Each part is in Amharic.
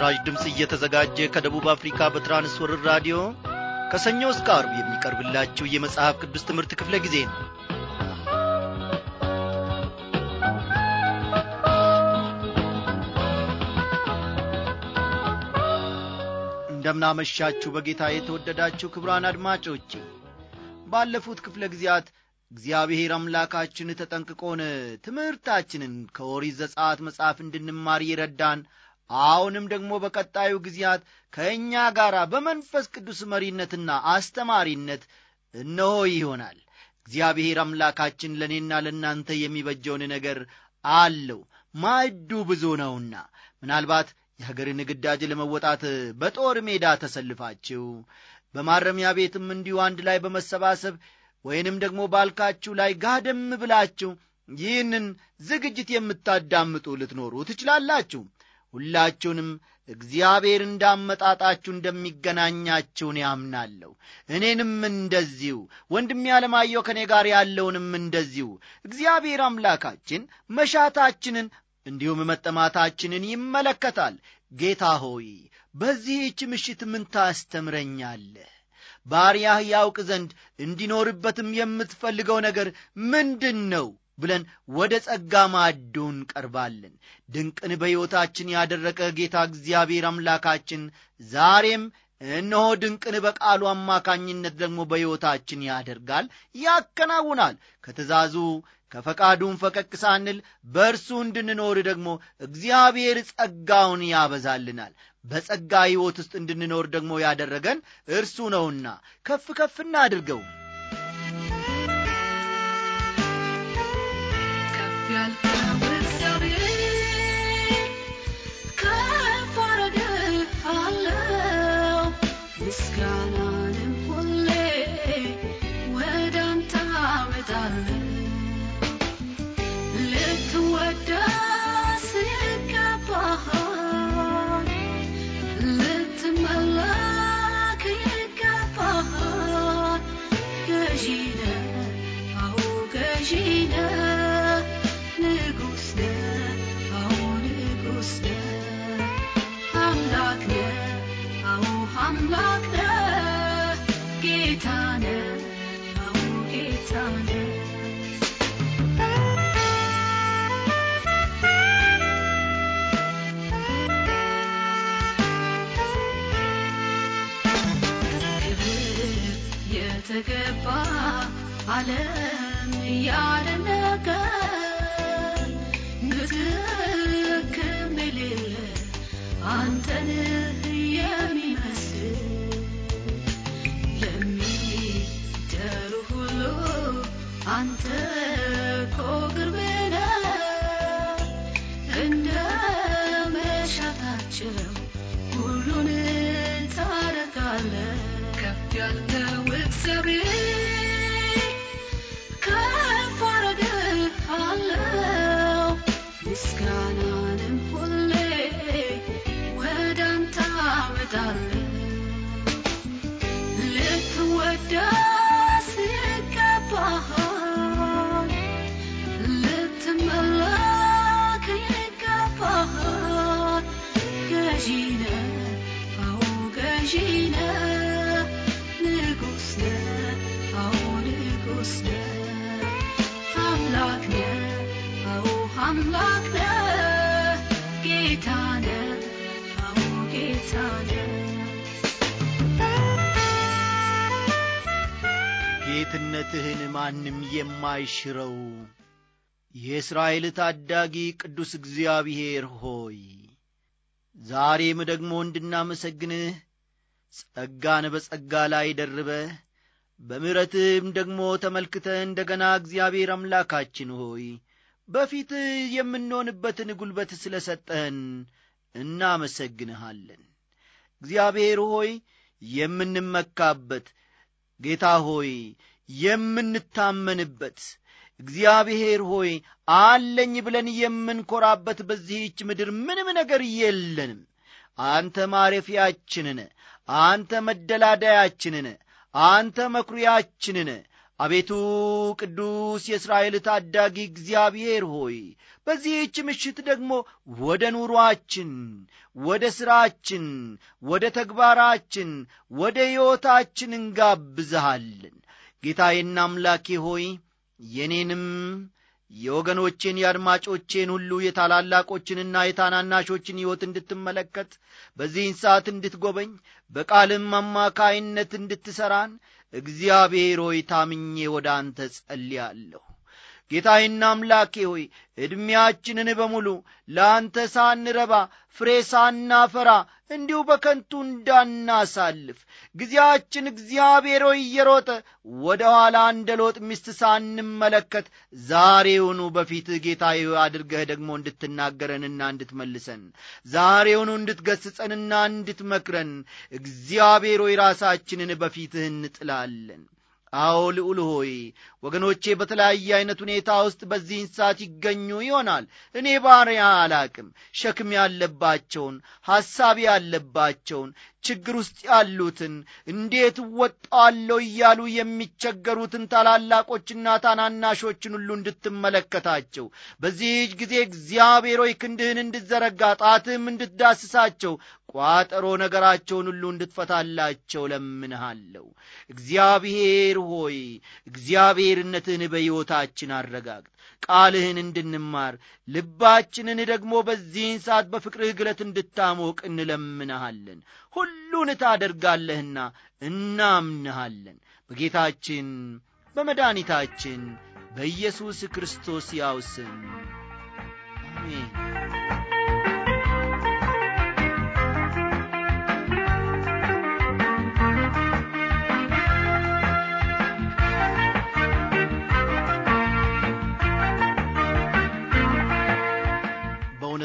ለምስራች ድምፅ እየተዘጋጀ ከደቡብ አፍሪካ በትራንስወርር ራዲዮ ከሰኞ እስከ አርብ የሚቀርብላችሁ የመጽሐፍ ቅዱስ ትምህርት ክፍለ ጊዜ ነው እንደምናመሻችሁ በጌታ የተወደዳችሁ ክብራን አድማጮቼ ባለፉት ክፍለ ጊዜያት እግዚአብሔር አምላካችን ተጠንቅቆን ትምህርታችንን ከኦሪት ዘጸአት መጽሐፍ እንድንማር ይረዳን አሁንም ደግሞ በቀጣዩ ጊዜያት ከእኛ ጋር በመንፈስ ቅዱስ መሪነትና አስተማሪነት እነሆ ይሆናል። እግዚአብሔር አምላካችን ለእኔና ለእናንተ የሚበጀውን ነገር አለው። ማዕዱ ብዙ ነውና ምናልባት የሀገርን ግዳጅ ለመወጣት በጦር ሜዳ ተሰልፋችሁ በማረሚያ ቤትም እንዲሁ አንድ ላይ በመሰባሰብ ወይንም ደግሞ ባልካችሁ ላይ ጋደም ብላችሁ ይህንን ዝግጅት የምታዳምጡ ልትኖሩ ትችላላችሁ። ሁላችሁንም እግዚአብሔር እንዳመጣጣችሁ እንደሚገናኛችሁን ያምናለሁ። እኔንም እንደዚሁ ወንድሜ አለማየሁ ከእኔ ጋር ያለውንም እንደዚሁ እግዚአብሔር አምላካችን መሻታችንን እንዲሁም መጠማታችንን ይመለከታል። ጌታ ሆይ በዚህች ምሽት ምን ታስተምረኛለህ? ባርያህ ያውቅ ዘንድ እንዲኖርበትም የምትፈልገው ነገር ምንድን ነው ብለን ወደ ጸጋ ማዕዱ እንቀርባለን። ድንቅን በሕይወታችን ያደረገ ጌታ እግዚአብሔር አምላካችን ዛሬም እነሆ ድንቅን በቃሉ አማካኝነት ደግሞ በሕይወታችን ያደርጋል፣ ያከናውናል። ከትእዛዙ ከፈቃዱን ፈቀቅ ሳንል በእርሱ እንድንኖር ደግሞ እግዚአብሔር ጸጋውን ያበዛልናል። በጸጋ ሕይወት ውስጥ እንድንኖር ደግሞ ያደረገን እርሱ ነውና ከፍ ከፍ እናድርገው። the sky. ተገባ ዓለም እያለ ነገር door. እውነትህን ማንም የማይሽረው የእስራኤል ታዳጊ ቅዱስ እግዚአብሔር ሆይ ዛሬም ደግሞ እንድናመሰግንህ ጸጋን በጸጋ ላይ ደርበ በምሕረትህም ደግሞ ተመልክተ እንደ ገና እግዚአብሔር አምላካችን ሆይ በፊትህ የምንሆንበትን ጒልበት ስለ ሰጠህን እናመሰግንሃለን። እግዚአብሔር ሆይ የምንመካበት ጌታ ሆይ የምንታመንበት እግዚአብሔር ሆይ አለኝ ብለን የምንኮራበት በዚህች ምድር ምንም ነገር የለንም። አንተ ማረፊያችንን፣ አንተ መደላዳያችንን፣ አንተ መኩሪያችንን አቤቱ ቅዱስ የእስራኤል ታዳጊ እግዚአብሔር ሆይ በዚህች ምሽት ደግሞ ወደ ኑሮአችን፣ ወደ ሥራችን፣ ወደ ተግባራችን፣ ወደ ሕይወታችን እንጋብዝሃለን። ጌታዬና አምላኬ ሆይ የኔንም የወገኖቼን የአድማጮቼን ሁሉ የታላላቆችንና የታናናሾችን ሕይወት እንድትመለከት በዚህን ሰዓት እንድትጎበኝ በቃልም አማካይነት እንድትሠራን እግዚአብሔር ሆይ ታምኜ ወደ አንተ ጸልያለሁ ጌታዬና አምላኬ ሆይ ዕድሜያችንን በሙሉ ለአንተ ሳንረባ ፍሬ ሳናፈራ እንዲሁ በከንቱ እንዳናሳልፍ ጊዜያችን እግዚአብሔር ሆይ እየሮጠ ወደ ኋላ እንደ ሎጥ ሚስት ሳንመለከት ዛሬውኑ በፊትህ ጌታዬ አድርገህ ደግሞ እንድትናገረንና እንድትመልሰን ዛሬውኑ እንድትገስጸንና እንድትመክረን እግዚአብሔር ሆይ ራሳችንን በፊትህ እንጥላለን አዎ ልዑል ሆይ ወገኖቼ በተለያየ ዐይነት ሁኔታ ውስጥ በዚህን ሰዓት ይገኙ ይሆናል። እኔ ባሪያ አላቅም። ሸክም ያለባቸውን፣ ሐሳብ ያለባቸውን፣ ችግር ውስጥ ያሉትን እንዴት እወጣዋለሁ እያሉ የሚቸገሩትን ታላላቆችና ታናናሾችን ሁሉ እንድትመለከታቸው በዚህች ጊዜ እግዚአብሔር ሆይ ክንድህን እንድትዘረጋ ጣትም እንድትዳስሳቸው ቋጠሮ ነገራቸውን ሁሉ እንድትፈታላቸው ለምንሃለሁ። እግዚአብሔር ሆይ እግዚአብሔርነትን በሕይወታችን አረጋግጥ። ቃልህን እንድንማር ልባችንን ደግሞ በዚህን ሰዓት በፍቅርህ ግለት እንድታሞቅ እንለምንሃለን። ሁሉን ታደርጋለህና እናምንሃለን። በጌታችን በመድኒታችን በኢየሱስ ክርስቶስ ያው ስም አሜን።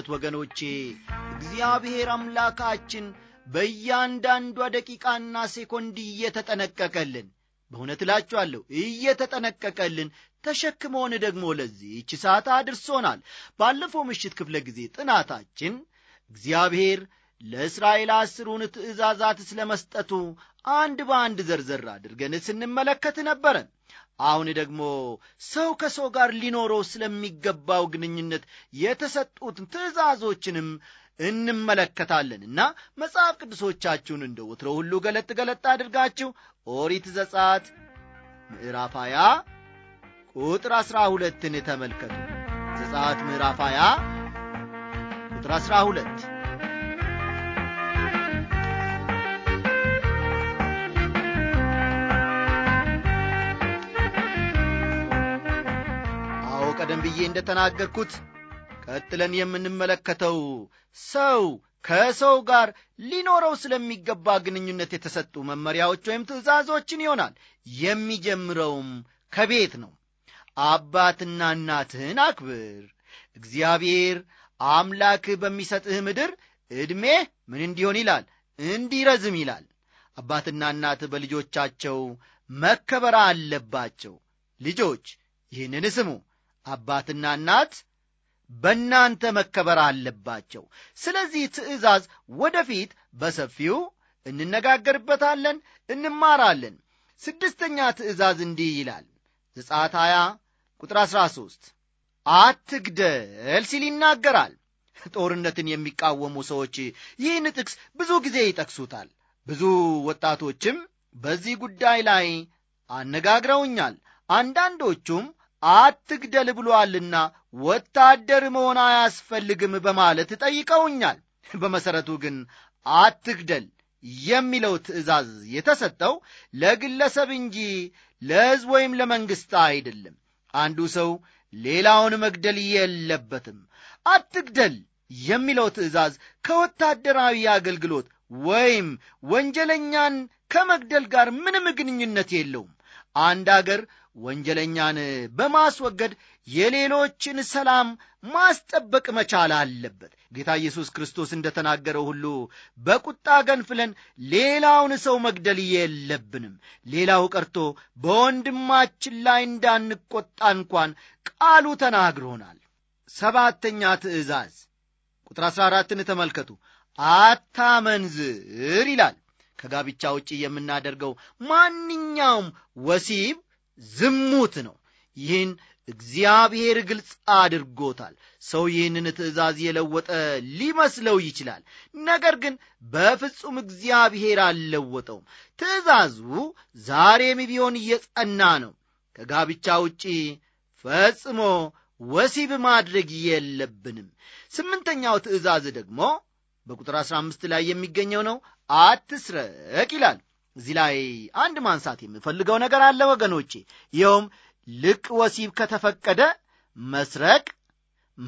በእውነት ወገኖቼ እግዚአብሔር አምላካችን በእያንዳንዷ ደቂቃና ሴኮንድ እየተጠነቀቀልን በእውነት እላችኋለሁ እየተጠነቀቀልን ተሸክመውን ደግሞ ለዚህች ሰዓት አድርሶናል። ባለፈው ምሽት ክፍለ ጊዜ ጥናታችን እግዚአብሔር ለእስራኤል አስሩን ትእዛዛት ስለ መስጠቱ አንድ በአንድ ዘርዘር አድርገን ስንመለከት ነበረ። አሁን ደግሞ ሰው ከሰው ጋር ሊኖረው ስለሚገባው ግንኙነት የተሰጡትን ትእዛዞችንም እንመለከታለንና መጽሐፍ ቅዱሶቻችሁን እንደ ወትሮ ሁሉ ገለጥ ገለጥ አድርጋችሁ ኦሪት ዘጻት ምዕራፍ 20 ቁጥር 12ን ተመልከቱ። ዘጻት ምዕራፍ 20 ቁጥር 12 ቀደም ብዬ እንደተናገርኩት ቀጥለን የምንመለከተው ሰው ከሰው ጋር ሊኖረው ስለሚገባ ግንኙነት የተሰጡ መመሪያዎች ወይም ትእዛዞችን ይሆናል። የሚጀምረውም ከቤት ነው። አባትና እናትህን አክብር፣ እግዚአብሔር አምላክህ በሚሰጥህ ምድር ዕድሜ ምን እንዲሆን ይላል እንዲረዝም ይላል። አባትና እናትህ በልጆቻቸው መከበር አለባቸው። ልጆች ይህንን ስሙ። አባትና እናት በእናንተ መከበር አለባቸው። ስለዚህ ትእዛዝ ወደፊት በሰፊው እንነጋገርበታለን፣ እንማራለን። ስድስተኛ ትእዛዝ እንዲህ ይላል። ዘጸአት 20 ቁጥር 13 አትግደል ሲል ይናገራል። ጦርነትን የሚቃወሙ ሰዎች ይህን ጥቅስ ብዙ ጊዜ ይጠቅሱታል። ብዙ ወጣቶችም በዚህ ጉዳይ ላይ አነጋግረውኛል። አንዳንዶቹም አትግደል ብሎአልና ወታደር መሆን አያስፈልግም በማለት ጠይቀውኛል። በመሠረቱ ግን አትግደል የሚለው ትእዛዝ የተሰጠው ለግለሰብ እንጂ ለሕዝብ ወይም ለመንግሥት አይደለም። አንዱ ሰው ሌላውን መግደል የለበትም። አትግደል የሚለው ትእዛዝ ከወታደራዊ አገልግሎት ወይም ወንጀለኛን ከመግደል ጋር ምንም ግንኙነት የለውም። አንድ አገር ወንጀለኛን በማስወገድ የሌሎችን ሰላም ማስጠበቅ መቻል አለበት። ጌታ ኢየሱስ ክርስቶስ እንደተናገረው ሁሉ በቁጣ ገንፍለን ሌላውን ሰው መግደል የለብንም። ሌላው ቀርቶ በወንድማችን ላይ እንዳንቆጣ እንኳን ቃሉ ተናግሮናል። ሰባተኛ ትእዛዝ ቁጥር አሥራ አራትን ተመልከቱ። አታመንዝር ይላል። ከጋብቻ ውጪ የምናደርገው ማንኛውም ወሲብ ዝሙት ነው። ይህን እግዚአብሔር ግልጽ አድርጎታል። ሰው ይህንን ትእዛዝ የለወጠ ሊመስለው ይችላል። ነገር ግን በፍጹም እግዚአብሔር አልለወጠውም። ትእዛዙ ዛሬም ቢሆን እየጸና ነው። ከጋብቻ ውጪ ፈጽሞ ወሲብ ማድረግ የለብንም። ስምንተኛው ትእዛዝ ደግሞ በቁጥር አሥራ አምስት ላይ የሚገኘው ነው። አትስረቅ ይላል። እዚህ ላይ አንድ ማንሳት የምፈልገው ነገር አለ ወገኖቼ ይኸውም ልቅ ወሲብ ከተፈቀደ መስረቅ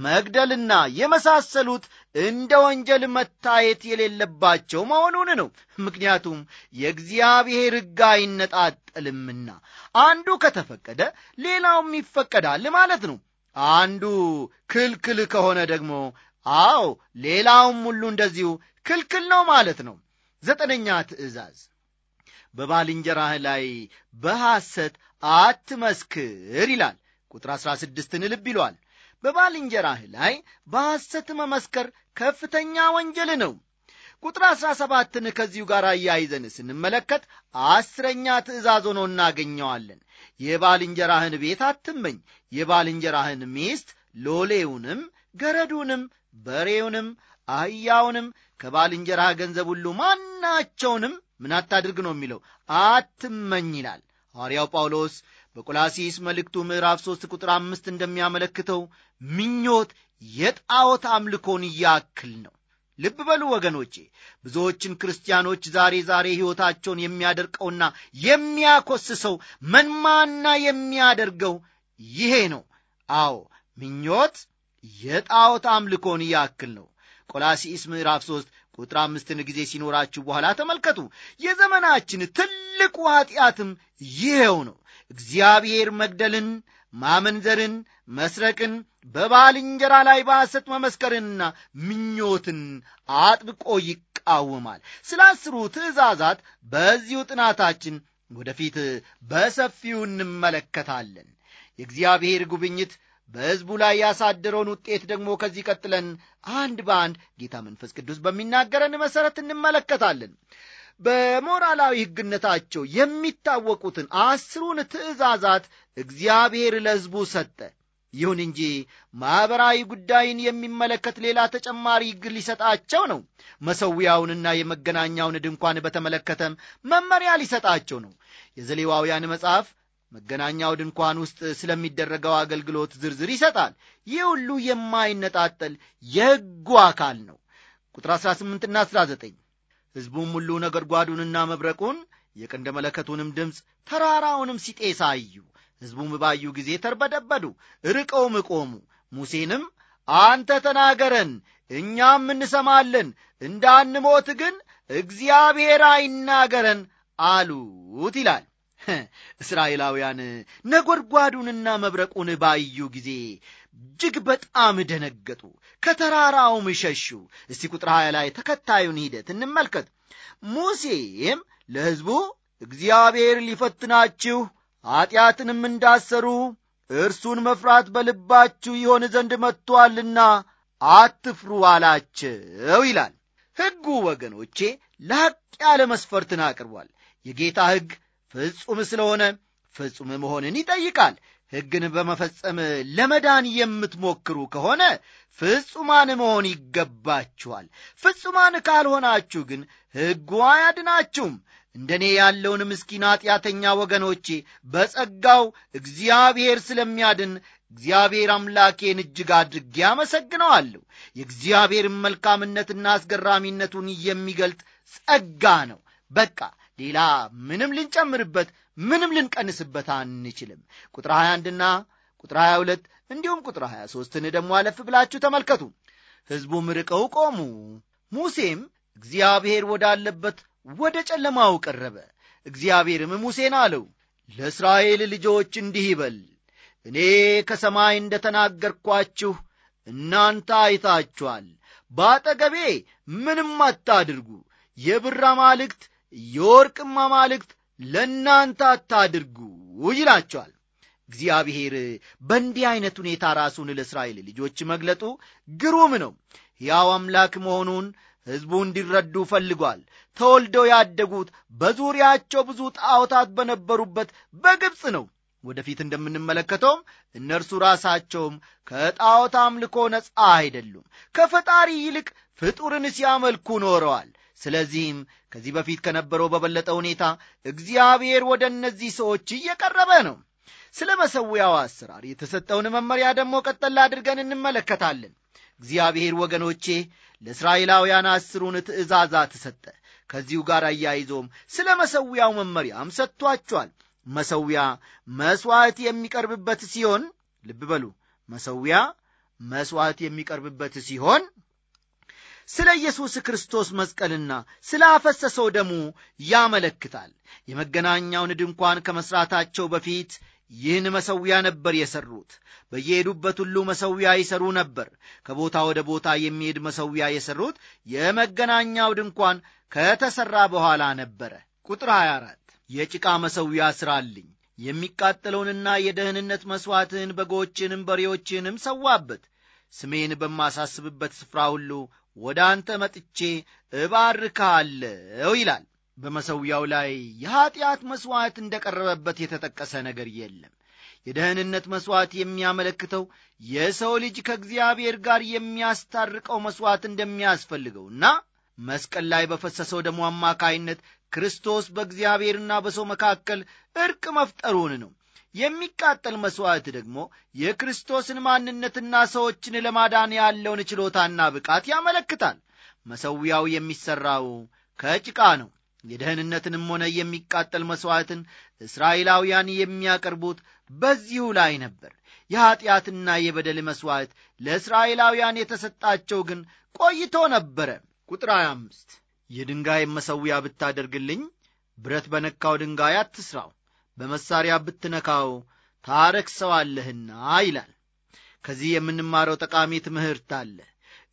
መግደልና የመሳሰሉት እንደ ወንጀል መታየት የሌለባቸው መሆኑን ነው። ምክንያቱም የእግዚአብሔር ሕግ አይነጣጠልምና አንዱ ከተፈቀደ ሌላውም ይፈቀዳል ማለት ነው። አንዱ ክልክል ከሆነ ደግሞ አዎ ሌላውም ሁሉ እንደዚሁ ክልክል ነው ማለት ነው። ዘጠነኛ ትእዛዝ በባልንጀራህ ላይ በሐሰት አትመስክር ይላል። ቁጥር አሥራ ስድስትን ልብ ይሏል። በባልንጀራህ ላይ በሐሰት መመስከር ከፍተኛ ወንጀል ነው። ቁጥር አሥራ ሰባትን ከዚሁ ጋር አያይዘን ስንመለከት አስረኛ ትእዛዝ ሆኖ እናገኘዋለን። የባልንጀራህን ቤት አትመኝ፣ የባልንጀራህን ሚስት፣ ሎሌውንም፣ ገረዱንም፣ በሬውንም፣ አህያውንም ከባልንጀራህ ገንዘብ ሁሉ ማናቸውንም ምን አታድርግ ነው የሚለው አትመኝ ይላል ሐዋርያው ጳውሎስ በቆላሲስ መልእክቱ ምዕራፍ 3 ቁጥር አምስት እንደሚያመለክተው ምኞት የጣዖት አምልኮን ያክል ነው ልብ በሉ ወገኖቼ ብዙዎችን ክርስቲያኖች ዛሬ ዛሬ ሕይወታቸውን የሚያደርቀውና የሚያኮስሰው መንማና የሚያደርገው ይሄ ነው አዎ ምኞት የጣዖት አምልኮን ያክል ነው ቆላሲስ ምዕራፍ 3 ቁጥር አምስትን ጊዜ ሲኖራችሁ በኋላ ተመልከቱ። የዘመናችን ትልቁ ኀጢአትም ይኸው ነው። እግዚአብሔር መግደልን፣ ማመንዘርን፣ መስረቅን፣ በባል እንጀራ ላይ በሐሰት መመስከርንና ምኞትን አጥብቆ ይቃወማል። ስለ አስሩ ትእዛዛት በዚሁ ጥናታችን ወደፊት በሰፊው እንመለከታለን። የእግዚአብሔር ጉብኝት በሕዝቡ ላይ ያሳደረውን ውጤት ደግሞ ከዚህ ቀጥለን አንድ በአንድ ጌታ መንፈስ ቅዱስ በሚናገረን መሠረት እንመለከታለን። በሞራላዊ ሕግነታቸው የሚታወቁትን አስሩን ትእዛዛት እግዚአብሔር ለሕዝቡ ሰጠ። ይሁን እንጂ ማኅበራዊ ጉዳይን የሚመለከት ሌላ ተጨማሪ ሕግ ሊሰጣቸው ነው። መሠዊያውንና የመገናኛውን ድንኳን በተመለከተም መመሪያ ሊሰጣቸው ነው። የዘሌዋውያን መጽሐፍ መገናኛው ድንኳን ውስጥ ስለሚደረገው አገልግሎት ዝርዝር ይሰጣል። ይህ ሁሉ የማይነጣጠል የሕጉ አካል ነው። ቁጥር 18ና 19 ሕዝቡም ሁሉ ነጎድጓዱንና መብረቁን የቀንደ መለከቱንም ድምፅ ተራራውንም ሲጤስ አዩ። ሕዝቡም ባዩ ጊዜ ተርበደበዱ፣ ርቀውም ቆሙ። ሙሴንም አንተ ተናገረን እኛም እንሰማለን፣ እንዳንሞት ግን እግዚአብሔር አይናገረን አሉት ይላል። እስራኤላውያን ነጎድጓዱንና መብረቁን ባዩ ጊዜ እጅግ በጣም ደነገጡ፣ ከተራራውም ሸሹ። እስቲ ቁጥር 20 ላይ ተከታዩን ሂደት እንመልከት። ሙሴም ለሕዝቡ እግዚአብሔር ሊፈትናችሁ ኀጢአትንም እንዳሰሩ እርሱን መፍራት በልባችሁ ይሆን ዘንድ መጥቶአልና አትፍሩ አላቸው ይላል። ሕጉ ወገኖቼ ለሐቅ ያለ መስፈርትን አቅርቧል። የጌታ ሕግ ፍጹም ስለሆነ ፍጹም መሆንን ይጠይቃል። ሕግን በመፈጸም ለመዳን የምትሞክሩ ከሆነ ፍጹማን መሆን ይገባችኋል። ፍጹማን ካልሆናችሁ ግን ሕጉ አያድናችሁም። እንደ እኔ ያለውን ምስኪን ኃጢአተኛ ወገኖቼ በጸጋው እግዚአብሔር ስለሚያድን እግዚአብሔር አምላኬን እጅግ አድርጌ አመሰግነዋለሁ። የእግዚአብሔርን መልካምነትና አስገራሚነቱን የሚገልጥ ጸጋ ነው። በቃ ሌላ ምንም ልንጨምርበት ምንም ልንቀንስበት አንችልም። ቁጥር 21ና ቁጥር 22 እንዲሁም ቁጥር 23ን ደግሞ አለፍ ብላችሁ ተመልከቱ። ሕዝቡም ርቀው ቆሙ። ሙሴም እግዚአብሔር ወዳለበት ወደ ጨለማው ቀረበ። እግዚአብሔርም ሙሴን አለው፣ ለእስራኤል ልጆች እንዲህ ይበል፣ እኔ ከሰማይ እንደ ተናገርኳችሁ እናንተ አይታችኋል። በአጠገቤ ምንም አታድርጉ። የብር አማልክት የወርቅም አማልክት ለእናንተ አታድርጉ ይላቸዋል። እግዚአብሔር በእንዲህ ዐይነት ሁኔታ ራሱን ለእስራኤል ልጆች መግለጡ ግሩም ነው። ሕያው አምላክ መሆኑን ሕዝቡ እንዲረዱ ፈልጓል። ተወልደው ያደጉት በዙሪያቸው ብዙ ጣዖታት በነበሩበት በግብፅ ነው። ወደፊት እንደምንመለከተውም እነርሱ ራሳቸውም ከጣዖት አምልኮ ነጻ አይደሉም። ከፈጣሪ ይልቅ ፍጡርን ሲያመልኩ ኖረዋል። ስለዚህም ከዚህ በፊት ከነበረው በበለጠ ሁኔታ እግዚአብሔር ወደ እነዚህ ሰዎች እየቀረበ ነው። ስለ መሰዊያው አሰራር የተሰጠውን መመሪያ ደግሞ ቀጠል አድርገን እንመለከታለን። እግዚአብሔር ወገኖቼ ለእስራኤላውያን አስሩን ትእዛዛ ተሰጠ ከዚሁ ጋር አያይዞም ስለ መሰዊያው መመሪያም ሰጥቷቸዋል። መሰዊያ መሥዋዕት የሚቀርብበት ሲሆን ልብ በሉ መሰዊያ መሥዋዕት የሚቀርብበት ሲሆን ስለ ኢየሱስ ክርስቶስ መስቀልና ስለ አፈሰሰው ደሙ ያመለክታል። የመገናኛውን ድንኳን ከመሥራታቸው በፊት ይህን መሠዊያ ነበር የሠሩት። በየሄዱበት ሁሉ መሠዊያ ይሠሩ ነበር። ከቦታ ወደ ቦታ የሚሄድ መሠዊያ የሠሩት የመገናኛው ድንኳን ከተሠራ በኋላ ነበረ። ቁጥር 24 የጭቃ መሠዊያ ሥራልኝ የሚቃጠለውንና የደህንነት መሥዋዕትህን በጎችንም በሬዎችንም ሰዋበት ስሜን በማሳስብበት ስፍራ ሁሉ ወደ አንተ መጥቼ እባርካለው ይላል። በመሠዊያው ላይ የኀጢአት መሥዋዕት እንደ ቀረበበት የተጠቀሰ ነገር የለም። የደህንነት መሥዋዕት የሚያመለክተው የሰው ልጅ ከእግዚአብሔር ጋር የሚያስታርቀው መሥዋዕት እንደሚያስፈልገውና መስቀል ላይ በፈሰሰው ደሞ አማካይነት ክርስቶስ በእግዚአብሔርና በሰው መካከል ዕርቅ መፍጠሩን ነው። የሚቃጠል መሥዋዕት ደግሞ የክርስቶስን ማንነትና ሰዎችን ለማዳን ያለውን ችሎታና ብቃት ያመለክታል። መሠዊያው የሚሠራው ከጭቃ ነው። የደህንነትንም ሆነ የሚቃጠል መሥዋዕትን እስራኤላውያን የሚያቀርቡት በዚሁ ላይ ነበር። የኀጢአትና የበደል መሥዋዕት ለእስራኤላውያን የተሰጣቸው ግን ቆይቶ ነበረ። ቁጥር 25 የድንጋይ መሠዊያ ብታደርግልኝ ብረት በነካው ድንጋይ አትሥራው በመሳሪያ ብትነካው ሰዋለህና ይላል። ከዚህ የምንማረው ጠቃሚ ትምህርት አለ።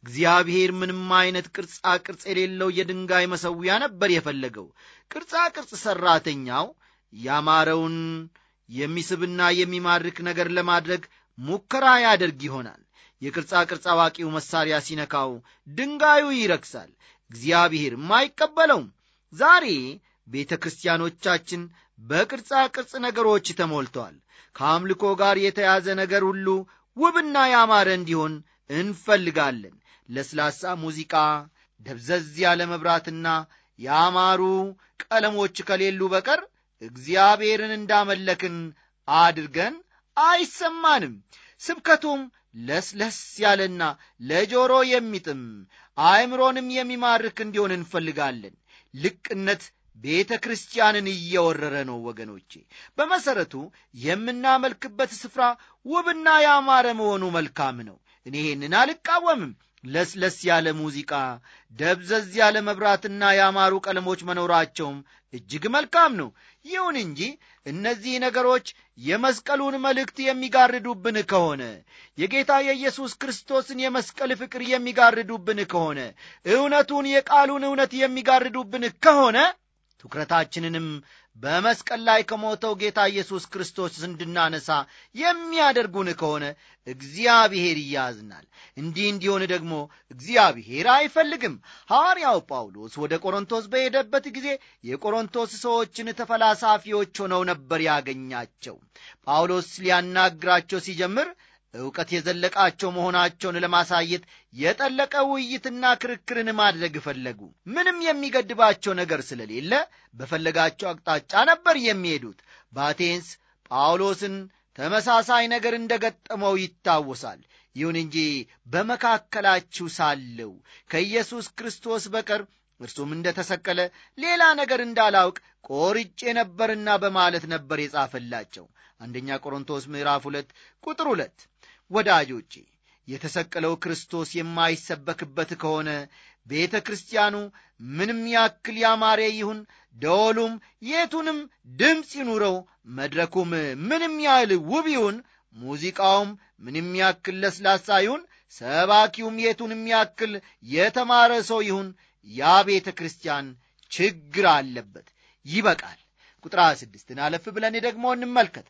እግዚአብሔር ምንም አይነት ቅርጻ ቅርጽ የሌለው የድንጋይ መሠዊያ ነበር የፈለገው። ቅርጻ ቅርጽ ሠራተኛው ያማረውን የሚስብና የሚማርክ ነገር ለማድረግ ሙከራ ያደርግ ይሆናል። የቅርጻ ቅርጽ አዋቂው መሣሪያ ሲነካው ድንጋዩ ይረክሳል፣ እግዚአብሔርም አይቀበለውም። ዛሬ ቤተ ክርስቲያኖቻችን በቅርጻ ቅርጽ ነገሮች ተሞልተዋል። ከአምልኮ ጋር የተያዘ ነገር ሁሉ ውብና ያማረ እንዲሆን እንፈልጋለን። ለስላሳ ሙዚቃ፣ ደብዘዝ ያለ መብራትና ያማሩ ቀለሞች ከሌሉ በቀር እግዚአብሔርን እንዳመለክን አድርገን አይሰማንም። ስብከቱም ለስለስ ያለና ለጆሮ የሚጥም አእምሮንም የሚማርክ እንዲሆን እንፈልጋለን። ልቅነት ቤተ ክርስቲያንን እየወረረ ነው። ወገኖቼ በመሠረቱ የምናመልክበት ስፍራ ውብና ያማረ መሆኑ መልካም ነው። እኔ አልቃወምም። ለስለስ ያለ ሙዚቃ፣ ደብዘዝ ያለ መብራትና ያማሩ ቀለሞች መኖራቸውም እጅግ መልካም ነው። ይሁን እንጂ እነዚህ ነገሮች የመስቀሉን መልእክት የሚጋርዱብን ከሆነ የጌታ የኢየሱስ ክርስቶስን የመስቀል ፍቅር የሚጋርዱብን ከሆነ እውነቱን፣ የቃሉን እውነት የሚጋርዱብን ከሆነ ትኩረታችንንም በመስቀል ላይ ከሞተው ጌታ ኢየሱስ ክርስቶስ እንድናነሳ የሚያደርጉን ከሆነ እግዚአብሔር ይያዝናል። እንዲህ እንዲሆን ደግሞ እግዚአብሔር አይፈልግም። ሐዋርያው ጳውሎስ ወደ ቆሮንቶስ በሄደበት ጊዜ የቆሮንቶስ ሰዎችን ተፈላሳፊዎች ሆነው ነበር ያገኛቸው። ጳውሎስ ሊያናግራቸው ሲጀምር ዕውቀት የዘለቃቸው መሆናቸውን ለማሳየት የጠለቀ ውይይትና ክርክርን ማድረግ ፈለጉ። ምንም የሚገድባቸው ነገር ስለሌለ በፈለጋቸው አቅጣጫ ነበር የሚሄዱት። በአቴንስ ጳውሎስን ተመሳሳይ ነገር እንደ ገጠመው ይታወሳል። ይሁን እንጂ በመካከላችሁ ሳለው ከኢየሱስ ክርስቶስ በቀር እርሱም እንደ ተሰቀለ ሌላ ነገር እንዳላውቅ ቆርጬ ነበርና በማለት ነበር የጻፈላቸው። አንደኛ ቆሮንቶስ ምዕራፍ ሁለት ቁጥር ሁለት ወዳጆቼ የተሰቀለው ክርስቶስ የማይሰበክበት ከሆነ ቤተ ክርስቲያኑ ምንም ያክል ያማረ ይሁን፣ ደወሉም የቱንም ድምፅ ይኑረው፣ መድረኩም ምንም ያህል ውብ ይሁን፣ ሙዚቃውም ምንም ያክል ለስላሳ ይሁን፣ ሰባኪውም የቱንም ያክል የተማረ ሰው ይሁን፣ ያ ቤተ ክርስቲያን ችግር አለበት። ይበቃል። ቁጥር ስድስትን አለፍ ብለን ደግሞ እንመልከት።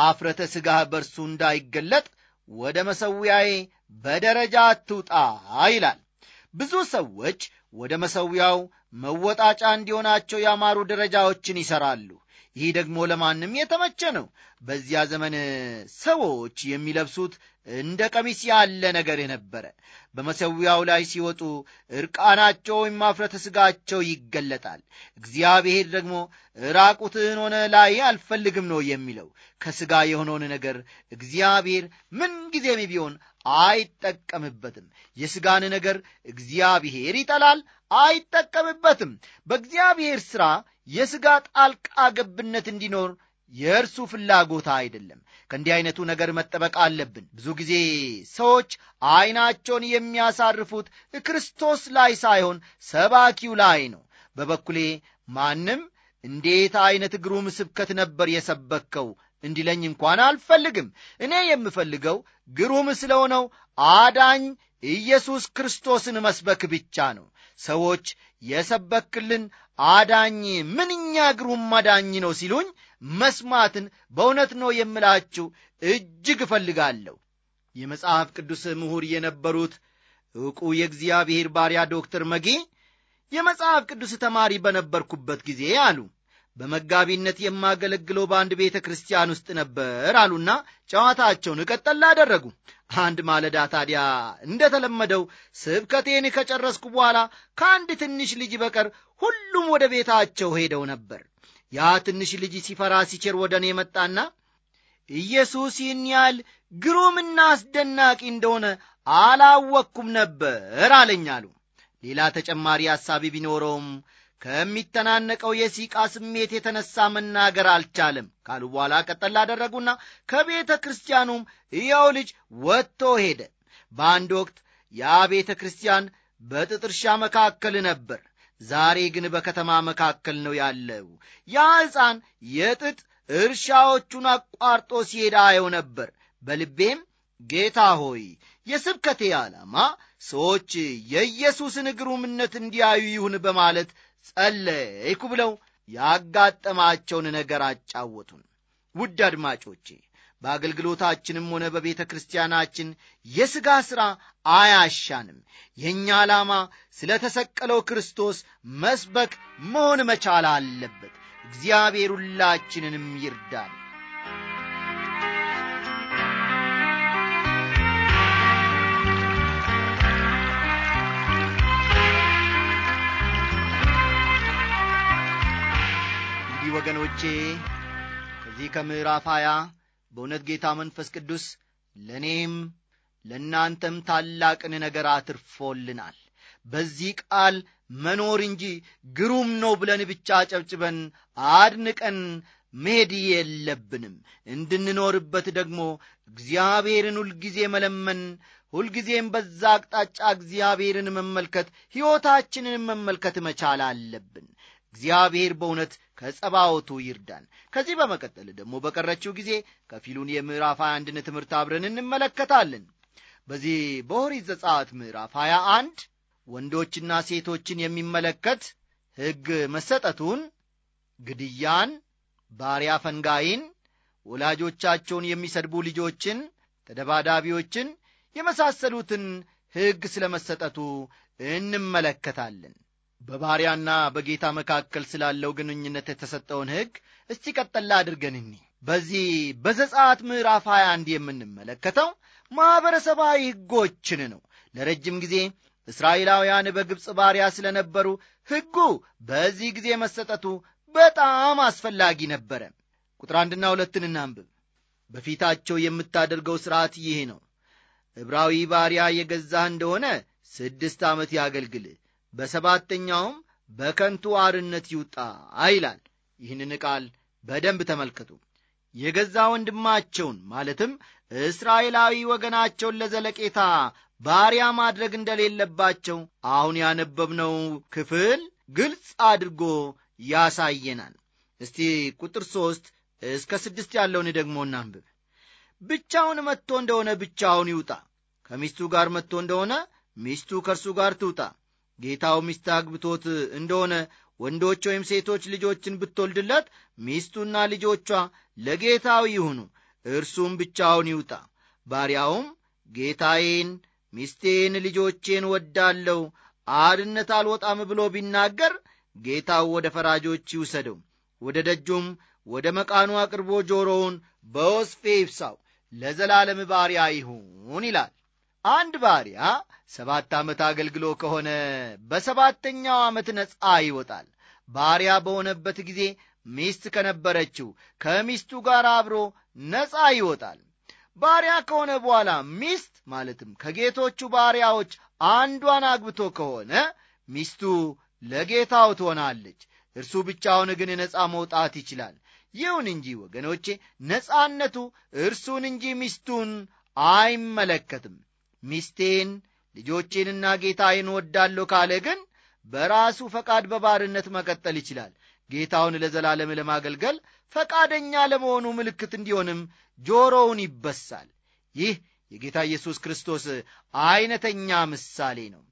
ኀፍረተ ሥጋህ በእርሱ እንዳይገለጥ ወደ መሠዊያዬ በደረጃ አትውጣ ይላል። ብዙ ሰዎች ወደ መሠዊያው መወጣጫ እንዲሆናቸው ያማሩ ደረጃዎችን ይሠራሉ። ይህ ደግሞ ለማንም የተመቸ ነው። በዚያ ዘመን ሰዎች የሚለብሱት እንደ ቀሚስ ያለ ነገር ነበረ። በመሠዊያው ላይ ሲወጡ ዕርቃናቸው ወይም ማፍረተ ሥጋቸው ይገለጣል። እግዚአብሔር ደግሞ ራቁትህን ሆነ ላይ አልፈልግም ነው የሚለው። ከሥጋ የሆነውን ነገር እግዚአብሔር ምንጊዜም ቢሆን አይጠቀምበትም። የሥጋን ነገር እግዚአብሔር ይጠላል፣ አይጠቀምበትም። በእግዚአብሔር ሥራ የሥጋ ጣልቃ ገብነት እንዲኖር የእርሱ ፍላጎት አይደለም። ከእንዲህ አይነቱ ነገር መጠበቅ አለብን። ብዙ ጊዜ ሰዎች ዐይናቸውን የሚያሳርፉት ክርስቶስ ላይ ሳይሆን ሰባኪው ላይ ነው። በበኩሌ ማንም እንዴት አይነት ግሩም ስብከት ነበር የሰበከው እንዲለኝ እንኳን አልፈልግም። እኔ የምፈልገው ግሩም ስለሆነው አዳኝ ኢየሱስ ክርስቶስን መስበክ ብቻ ነው። ሰዎች የሰበክልን አዳኝ ምንኛ ግሩም አዳኝ ነው ሲሉኝ መስማትን በእውነት ነው የምላችሁ እጅግ እፈልጋለሁ። የመጽሐፍ ቅዱስ ምሁር የነበሩት ዕውቁ የእግዚአብሔር ባሪያ ዶክተር መጌ የመጽሐፍ ቅዱስ ተማሪ በነበርኩበት ጊዜ አሉ በመጋቢነት የማገለግለው በአንድ ቤተ ክርስቲያን ውስጥ ነበር አሉና ጨዋታቸውን ቀጠል አደረጉ። አንድ ማለዳ ታዲያ እንደተለመደው ስብከቴን ከጨረስኩ በኋላ ከአንድ ትንሽ ልጅ በቀር ሁሉም ወደ ቤታቸው ሄደው ነበር። ያ ትንሽ ልጅ ሲፈራ ሲችር ወደ እኔ መጣና ኢየሱስ ይህን ያህል ግሩምና አስደናቂ እንደሆነ አላወቅኩም ነበር አለኝ አሉ። ሌላ ተጨማሪ ሐሳቢ ቢኖረውም ከሚተናነቀው የሲቃ ስሜት የተነሳ መናገር አልቻለም ካሉ በኋላ ቀጠል አደረጉና ከቤተ ክርስቲያኑም ይኸው ልጅ ወጥቶ ሄደ። በአንድ ወቅት ያ ቤተ ክርስቲያን በጥጥርሻ መካከል ነበር። ዛሬ ግን በከተማ መካከል ነው ያለው። ያ ሕፃን የጥጥ እርሻዎቹን አቋርጦ ሲሄድ አየው ነበር። በልቤም ጌታ ሆይ የስብከቴ ዓላማ ሰዎች የኢየሱስን ግሩምነት እንዲያዩ ይሁን በማለት ጸለይኩ ብለው ያጋጠማቸውን ነገር አጫወቱን። ውድ አድማጮቼ በአገልግሎታችንም ሆነ በቤተ ክርስቲያናችን የሥጋ ሥራ አያሻንም። የእኛ ዓላማ ስለ ተሰቀለው ክርስቶስ መስበክ መሆን መቻል አለበት። እግዚአብሔር ሁላችንንም ይርዳል። እንዲህ ወገኖቼ ከዚህ ከምዕራፍ ሀያ በእውነት ጌታ መንፈስ ቅዱስ ለእኔም ለእናንተም ታላቅን ነገር አትርፎልናል። በዚህ ቃል መኖር እንጂ ግሩም ነው ብለን ብቻ ጨብጭበን አድንቀን መሄድ የለብንም። እንድንኖርበት ደግሞ እግዚአብሔርን ሁልጊዜ መለመን፣ ሁልጊዜም በዛ አቅጣጫ እግዚአብሔርን መመልከት፣ ሕይወታችንን መመልከት መቻል አለብን። እግዚአብሔር በእውነት ከጸባወቱ ይርዳን። ከዚህ በመቀጠል ደግሞ በቀረችው ጊዜ ከፊሉን የምዕራፍ 21 ትምህርት አብረን እንመለከታለን። በዚህ በኦሪት ዘጸአት ምዕራፍ 21 ወንዶችና ሴቶችን የሚመለከት ሕግ መሰጠቱን፣ ግድያን፣ ባሪያ ፈንጋይን፣ ወላጆቻቸውን የሚሰድቡ ልጆችን፣ ተደባዳቢዎችን የመሳሰሉትን ሕግ ስለ መሰጠቱ እንመለከታለን። በባሪያና በጌታ መካከል ስላለው ግንኙነት የተሰጠውን ሕግ እስቲ ቀጠላ አድርገን እኒ በዚህ በዘጻት ምዕራፍ 21 የምንመለከተው ማኅበረሰባዊ ሕጎችን ነው። ለረጅም ጊዜ እስራኤላውያን በግብፅ ባሪያ ስለነበሩ ሕጉ በዚህ ጊዜ መሰጠቱ በጣም አስፈላጊ ነበረ። ቁጥር አንድና ሁለትን እናንብብ። በፊታቸው የምታደርገው ሥርዓት ይህ ነው። ዕብራዊ ባሪያ የገዛህ እንደሆነ ስድስት ዓመት ያገልግልህ በሰባተኛውም በከንቱ አርነት ይውጣ ይላል። ይህንን ቃል በደንብ ተመልከቱ። የገዛ ወንድማቸውን ማለትም እስራኤላዊ ወገናቸውን ለዘለቄታ ባሪያ ማድረግ እንደሌለባቸው አሁን ያነበብነው ክፍል ግልጽ አድርጎ ያሳየናል። እስቲ ቁጥር ሦስት እስከ ስድስት ያለውን ደግሞ እናንብብ። ብቻውን መጥቶ እንደሆነ ብቻውን ይውጣ፣ ከሚስቱ ጋር መጥቶ እንደሆነ ሚስቱ ከእርሱ ጋር ትውጣ፣ ጌታው ሚስት አግብቶት እንደሆነ ወንዶች ወይም ሴቶች ልጆችን ብትወልድላት ሚስቱና ልጆቿ ለጌታው ይሁኑ፣ እርሱም ብቻውን ይውጣ። ባሪያውም ጌታዬን፣ ሚስቴን፣ ልጆቼን ወዳለው አርነት አልወጣም ብሎ ቢናገር ጌታው ወደ ፈራጆች ይውሰደው፣ ወደ ደጁም ወደ መቃኑ አቅርቦ ጆሮውን በወስፌ ይብሳው፣ ለዘላለም ባሪያ ይሁን ይላል። አንድ ባሪያ ሰባት ዓመት አገልግሎ ከሆነ በሰባተኛው ዓመት ነፃ ይወጣል። ባሪያ በሆነበት ጊዜ ሚስት ከነበረችው ከሚስቱ ጋር አብሮ ነፃ ይወጣል። ባሪያ ከሆነ በኋላ ሚስት ማለትም ከጌቶቹ ባሪያዎች አንዷን አግብቶ ከሆነ ሚስቱ ለጌታው ትሆናለች። እርሱ ብቻውን ግን ነፃ መውጣት ይችላል። ይሁን እንጂ ወገኖቼ ነፃነቱ እርሱን እንጂ ሚስቱን አይመለከትም። ሚስቴን ልጆቼንና ጌታዬን ወዳለሁ ካለ ግን በራሱ ፈቃድ በባርነት መቀጠል ይችላል። ጌታውን ለዘላለም ለማገልገል ፈቃደኛ ለመሆኑ ምልክት እንዲሆንም ጆሮውን ይበሳል። ይህ የጌታ ኢየሱስ ክርስቶስ አይነተኛ ምሳሌ ነው።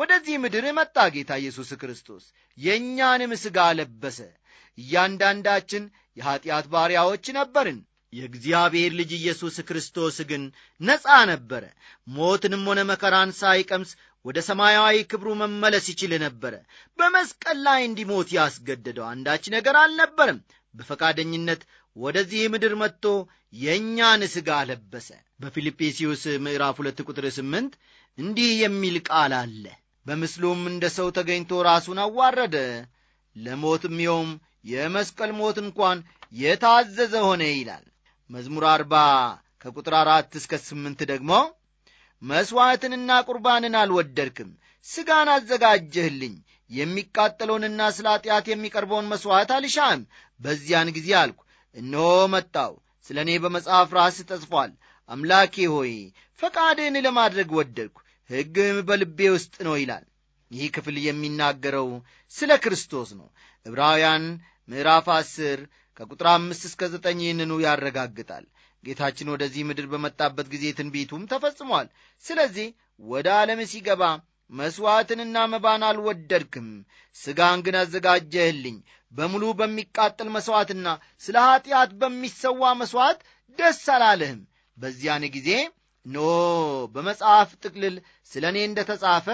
ወደዚህ ምድር መጣ ጌታ ኢየሱስ ክርስቶስ የእኛንም ሥጋ ለበሰ። እያንዳንዳችን የኀጢአት ባሪያዎች ነበርን። የእግዚአብሔር ልጅ ኢየሱስ ክርስቶስ ግን ነፃ ነበረ። ሞትንም ሆነ መከራን ሳይቀምስ ወደ ሰማያዊ ክብሩ መመለስ ይችል ነበረ። በመስቀል ላይ እንዲሞት ያስገደደው አንዳች ነገር አልነበረም። በፈቃደኝነት ወደዚህ ምድር መጥቶ የእኛን ሥጋ ለበሰ። በፊልጵስዩስ ምዕራፍ ሁለት ቁጥር ስምንት እንዲህ የሚል ቃል አለ። በምስሉም እንደ ሰው ተገኝቶ ራሱን አዋረደ፣ ለሞትም ይኸውም የመስቀል ሞት እንኳን የታዘዘ ሆነ ይላል። መዝሙር አርባ ከቁጥር አራት እስከ ስምንት ደግሞ መሥዋዕትንና ቁርባንን አልወደድክም፣ ሥጋን አዘጋጀህልኝ። የሚቃጠለውንና ስለ ኃጢአት የሚቀርበውን መሥዋዕት አልሻም። በዚያን ጊዜ አልኩ፣ እነሆ መጣው፣ ስለ እኔ በመጽሐፍ ራስ ተጽፏል። አምላኬ ሆይ ፈቃድህን ለማድረግ ወደድኩ፣ ሕግም በልቤ ውስጥ ነው ይላል። ይህ ክፍል የሚናገረው ስለ ክርስቶስ ነው። ዕብራውያን ምዕራፍ ዐሥር ከቁጥር አምስት እስከ ዘጠኝ ይህንኑ ያረጋግጣል። ጌታችን ወደዚህ ምድር በመጣበት ጊዜ ትንቢቱም ተፈጽሟል። ስለዚህ ወደ ዓለም ሲገባ መሥዋዕትንና መባን አልወደድክም፣ ሥጋን ግን አዘጋጀህልኝ። በሙሉ በሚቃጠል መሥዋዕትና ስለ ኀጢአት በሚሰዋ መሥዋዕት ደስ አላለህም። በዚያን ጊዜ ኖ በመጽሐፍ ጥቅልል ስለ እኔ እንደ ተጻፈ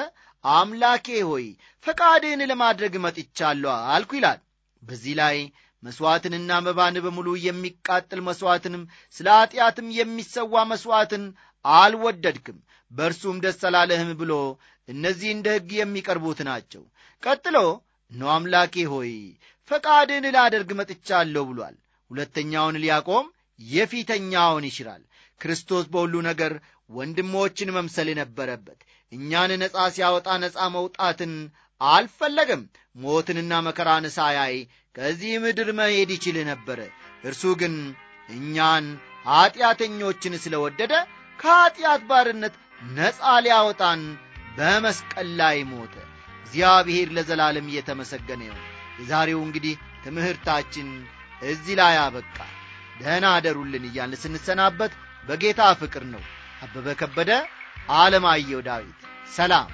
አምላኬ ሆይ ፈቃድህን ለማድረግ መጥቻለሁ አልኩ ይላል። በዚህ ላይ መሥዋዕትንና መባን በሙሉ የሚቃጠል መሥዋዕትንም ስለ ኀጢአትም የሚሰዋ መሥዋዕትን አልወደድክም በእርሱም ደስ አላለህም ብሎ እነዚህ እንደ ሕግ የሚቀርቡት ናቸው። ቀጥሎ ኖ አምላኬ ሆይ ፈቃድን ላደርግ መጥቻለሁ ብሏል። ሁለተኛውን ሊያቆም የፊተኛውን ይሽራል። ክርስቶስ በሁሉ ነገር ወንድሞችን መምሰል የነበረበት እኛን ነጻ ሲያወጣ ነጻ መውጣትን አልፈለገም። ሞትንና መከራን ሳያይ ከዚህ ምድር መሄድ ይችል ነበረ። እርሱ ግን እኛን ኀጢአተኞችን ስለ ወደደ ከኀጢአት ባርነት ነፃ ሊያወጣን በመስቀል ላይ ሞተ። እግዚአብሔር ለዘላለም እየተመሰገነ ይሁን። የዛሬው እንግዲህ ትምህርታችን እዚህ ላይ አበቃ። ደህና አደሩልን እያልን ስንሰናበት በጌታ ፍቅር ነው። አበበ ከበደ፣ ዓለማየሁ ዳዊት። ሰላም።